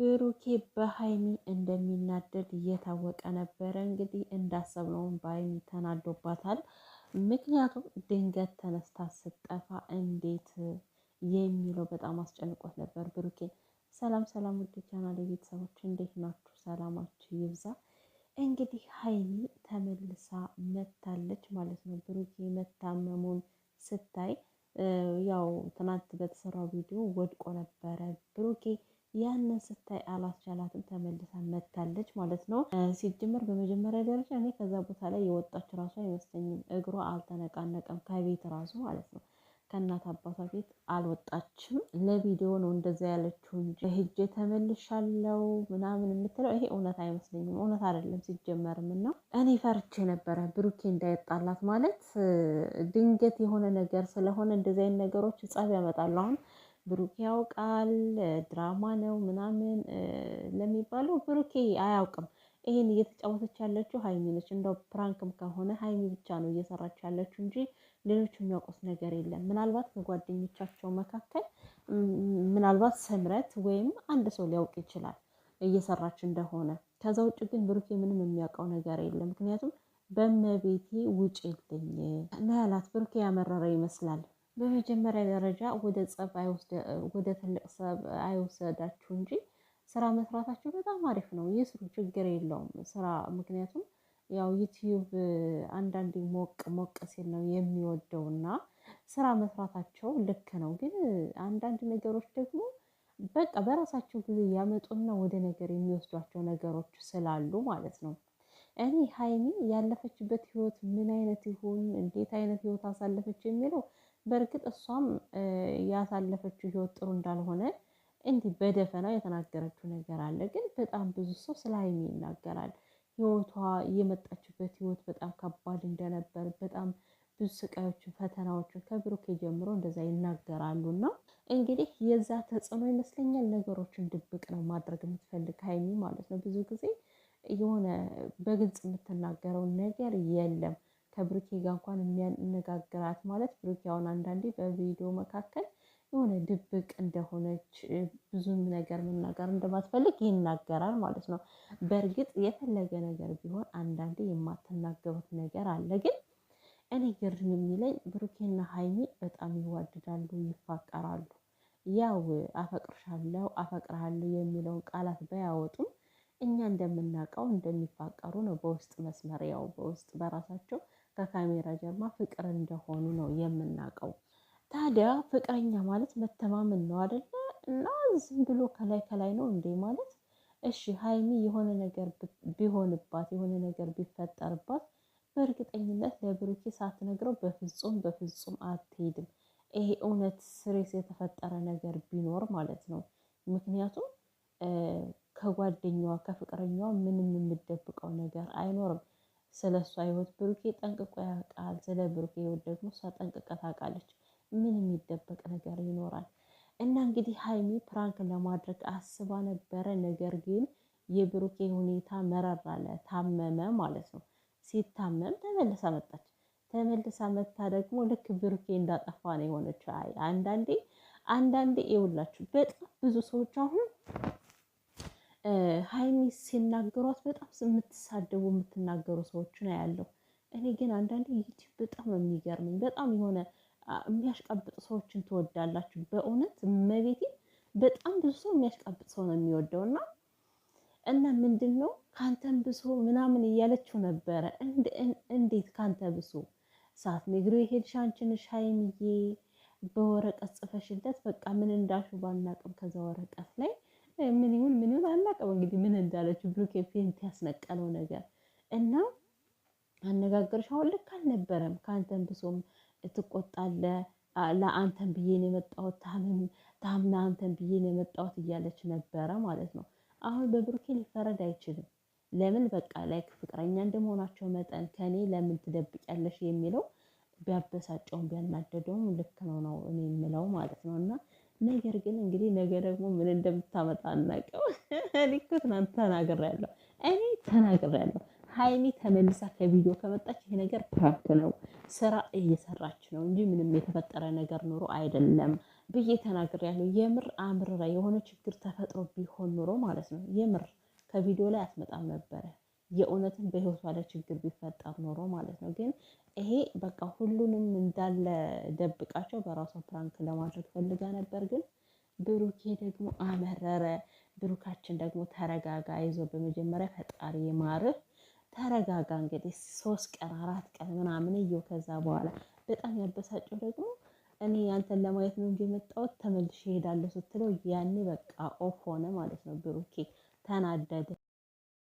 ብሩኬ በሀይሚ እንደሚናደድ እየታወቀ ነበረ። እንግዲህ እንዳሰብነውን በሀይሚ ተናዶባታል። ምክንያቱም ድንገት ተነስታ ስጠፋ እንዴት የሚለው በጣም አስጨንቆት ነበር ብሩኬ። ሰላም ሰላም፣ ውድ ቻናል ቤተሰቦች እንዴት ናችሁ? ሰላማችሁ ይብዛ። እንግዲህ ሀይሚ ተመልሳ መታለች ማለት ነው። ብሩኬ መታመሙን ስታይ ያው ትናንት በተሰራው ቪዲዮ ወድቆ ነበረ አልቻላትም። ተመልሳ መታለች ማለት ነው። ሲጀመር በመጀመሪያ ደረጃ እኔ ከዛ ቦታ ላይ የወጣች ራሱ አይመስለኝም። እግሯ አልተነቃነቀም ከቤት ራሱ ማለት ነው። ከእናት አባቷ ቤት አልወጣችም። ለቪዲዮ ነው እንደዛ ያለችው እንጂ ሄጄ ተመልሻለው ምናምን የምትለው ይሄ እውነት አይመስለኝም። እውነት አይደለም ሲጀመርም እና እኔ ፈርቼ ነበረ ብሩኬ እንዳይጣላት ማለት ድንገት የሆነ ነገር ስለሆነ እንደዚ አይነት ነገሮች ጸብ ያመጣሉ። አሁን ብሩኬ ያውቃል ድራማ ነው ምናምን ለሚባለው ብሩኬ አያውቅም። ይሄን እየተጫወተች ያለችው ሀይሚ ነች። እንደው ፕራንክም ከሆነ ሀይሚ ብቻ ነው እየሰራች ያለችው እንጂ ሌሎች የሚያውቁት ነገር የለም። ምናልባት ከጓደኞቻቸው መካከል ምናልባት ስምረት ወይም አንድ ሰው ሊያውቅ ይችላል እየሰራች እንደሆነ። ከዛ ውጭ ግን ብሩኬ ምንም የሚያውቀው ነገር የለም። ምክንያቱም በመቤቴ ውጭ የለኝ ና ያላት ብሩኬ ያመረረ ይመስላል። በመጀመሪያ ደረጃ ወደ ጸብ ወደ ትልቅ ሰብ አይወሰዳችሁ እንጂ ስራ መስራታችሁ በጣም አሪፍ ነው። የስሩ ችግር የለውም ስራ ምክንያቱም ያው ዩትዩብ አንዳንዴ ሞቅ ሞቅ ሲል ነው የሚወደው እና ስራ መስራታቸው ልክ ነው። ግን አንዳንድ ነገሮች ደግሞ በቃ በራሳቸው ጊዜ ያመጡና ወደ ነገር የሚወስዷቸው ነገሮች ስላሉ ማለት ነው። እኔ ሀይሚ ያለፈችበት ህይወት ምን አይነት ይሁን እንዴት አይነት ህይወት አሳለፈች የሚለው በእርግጥ እሷም ያሳለፈችው ህይወት ጥሩ እንዳልሆነ እንዲህ በደፈናው የተናገረችው ነገር አለ። ግን በጣም ብዙ ሰው ስለ ሀይሚ ይናገራል። ህይወቷ የመጣችበት ህይወት በጣም ከባድ እንደነበር በጣም ብዙ ስቃዮችን፣ ፈተናዎችን ከብሩኬ ጀምሮ እንደዛ ይናገራሉ። እና እንግዲህ የዛ ተጽዕኖ ይመስለኛል ነገሮችን ድብቅ ነው ማድረግ የምትፈልግ ሀይሚ ማለት ነው ብዙ ጊዜ የሆነ በግልጽ የምትናገረው ነገር የለም። ከብሩኬ ጋር እንኳን የሚያነጋግራት ማለት ብሩኬ አሁን አንዳንዴ በቪዲዮ መካከል የሆነ ድብቅ እንደሆነች ብዙም ነገር መናገር እንደማትፈልግ ይናገራል ማለት ነው። በእርግጥ የፈለገ ነገር ቢሆን አንዳንዴ የማትናገሩት ነገር አለ። ግን እኔ ግርም የሚለኝ ብሩኬና ሀይሚ በጣም ይዋደዳሉ፣ ይፋቀራሉ። ያው አፈቅርሻለሁ፣ አፈቅርሃለሁ የሚለውን ቃላት ባያወጡም እኛ እንደምናውቀው እንደሚፋቀሩ ነው። በውስጥ መስመር ያው በውስጥ በራሳቸው ከካሜራ ጀርማ ፍቅር እንደሆኑ ነው የምናውቀው። ታዲያ ፍቅረኛ ማለት መተማመን ነው አደለ? እና ዝም ብሎ ከላይ ከላይ ነው እንዴ ማለት እሺ ሀይሚ የሆነ ነገር ቢሆንባት የሆነ ነገር ቢፈጠርባት በእርግጠኝነት ለብሩኬ ሳትነግረው በፍጹም በፍጹም አትሄድም። ይሄ እውነት ስሬስ የተፈጠረ ነገር ቢኖር ማለት ነው ምክንያቱም ከጓደኛዋ ከፍቅረኛዋ ምንም የምደብቀው ነገር አይኖርም። ስለ እሷ ህይወት ብሩኬ ጠንቅቆ ያውቃል። ስለ ብሩኬ ህይወት ደግሞ እሷ ጠንቅቃ ታውቃለች። ምን የሚደበቅ ነገር ይኖራል? እና እንግዲህ ሀይሚ ፕራንክ ለማድረግ አስባ ነበረ። ነገር ግን የብሩኬ ሁኔታ መረር አለ። ታመመ ማለት ነው። ሲታመም ተመልሳ መጣች። ተመልሳ መታ ደግሞ ልክ ብሩኬ እንዳጠፋ ነው የሆነችው። አይ አንዳንዴ አንዳንዴ ይውላችሁ በጣም ብዙ ሰዎች አሁን ሀይሚ ሲናገሯት በጣም የምትሳደቡ የምትናገሩ ሰዎች ነው ያለው። እኔ ግን አንዳንዴ ዩቲዩብ በጣም የሚገርመኝ በጣም የሆነ የሚያሽቃብጥ ሰዎችን ትወዳላችሁ። በእውነት መቤቴ በጣም ብዙ ሰው የሚያሽቃብጥ ሰው ነው የሚወደው እና እና ምንድን ነው ከአንተን ብሶ ምናምን እያለችው ነበረ። እንዴት ከአንተ ብሶ ሰዓት ነግሮ የሄድሽ አንቺ ሀይሚዬ፣ በወረቀት ጽፈሽለት በቃ ምን እንዳሹ ባናቅም ከዛ ወረቀት ላይ ምን ይሁን ምን ይሁን አላውቅም። እንግዲህ ምን እንዳለችው ብሩኬ ፌንት ያስነቀለው ነገር እና አነጋገርሽ አሁን ልክ አልነበረም። ከአንተን ብሶም ትቆጣለ። ለአንተን ብዬ ነው የመጣሁት፣ ታም ለአንተን ብዬ ነው የመጣሁት እያለች ነበረ ማለት ነው። አሁን በብሩኬ ሊፈረድ አይችልም። ለምን በቃ ላይክ ፍቅረኛ እንደመሆናቸው መጠን ከኔ ለምን ትደብቂያለሽ የሚለው ቢያበሳጨውም ቢያናደደውም ልክ ነው ነው እኔ የምለው ማለት ነው እና ነገር ግን እንግዲህ ነገ ደግሞ ምን እንደምታመጣ አናውቅም። እኔ እኮ ትናንት ተናግሬያለሁ፣ እኔ ተናግሬያለሁ። ሀይሚ ተመልሳ ከቪዲዮ ከመጣች ይሄ ነገር ፕራንክ ነው፣ ስራ እየሰራች ነው እንጂ ምንም የተፈጠረ ነገር ኑሮ አይደለም ብዬ ተናግሬያለሁ። የምር አምርራ የሆነ ችግር ተፈጥሮ ቢሆን ኑሮ ማለት ነው የምር ከቪዲዮ ላይ አትመጣም ነበረ። የእውነትን በህይወቷ ላይ ችግር ቢፈጠር ኖሮ ማለት ነው። ግን ይሄ በቃ ሁሉንም እንዳለ ደብቃቸው በራሷ ፕራንክ ለማድረግ ፈልጋ ነበር። ግን ብሩኬ ደግሞ አመረረ። ብሩካችን ደግሞ ተረጋጋ፣ ይዞ በመጀመሪያ ፈጣሪ ማርህ ተረጋጋ። እንግዲህ ሶስት ቀን አራት ቀን ምናምን እየው ከዛ በኋላ በጣም ያበሳጨው ደግሞ እኔ ያንተን ለማየት ነው እንጂ የመጣሁት ተመልሼ እሄዳለሁ ስትለው ያኔ በቃ ኦፍ ሆነ ማለት ነው። ብሩኬ ተናደደ።